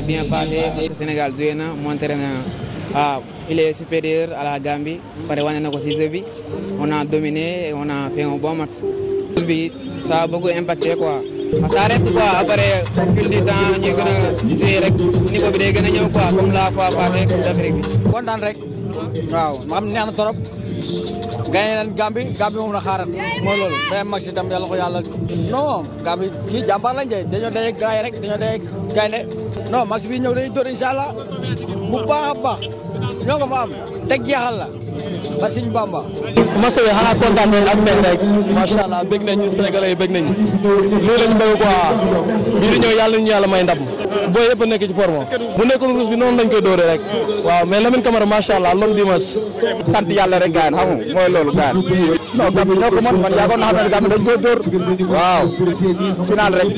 s'est bien passé Sénégal joué na montré na ah supérieur à la Gambie pare wane na ko si jeu bi on dominé et on bon match bi ça a beaucoup impacté quoi ah, ça reste quoi après au fil du temps ñuy gën a joué rek niveau bi day gën a ñëw comme la fois passée Coupe d'Afrique bi kontaan rek waaw ma xam neex na gañe nañ Gàmbi Gàmbi moom na xaaral mooy loolu benn match itam yàlla ko yàlla non Gàmbi kii jàmbaar lañ jëy dañoo daje gaay rek dañoo daje gaynde non match bi ñëw dañuy dóor incha allah bu baax a baax ñoo ko fa teg jeexal la ba Sëñ Bamba. Massa bi xanaa kontaan nañ ak mbéy rek macha allah bëgg nañ Sénégalais yi bëgg nañ lii lañ bëgg quoi bii di ñëw yàlla ñu yàlla may ndam. booy yëpp a nekk ci forme bu nekkoon ruus bi noonu lañ koy dóoree rek waaw mais Lamine Camara macha allah loolu dimanche. sant yàlla rek gaan mooy loolu gaan non gam ñoo ko mën man yaa ko na ne gam dañ koy dóor waaw final rek.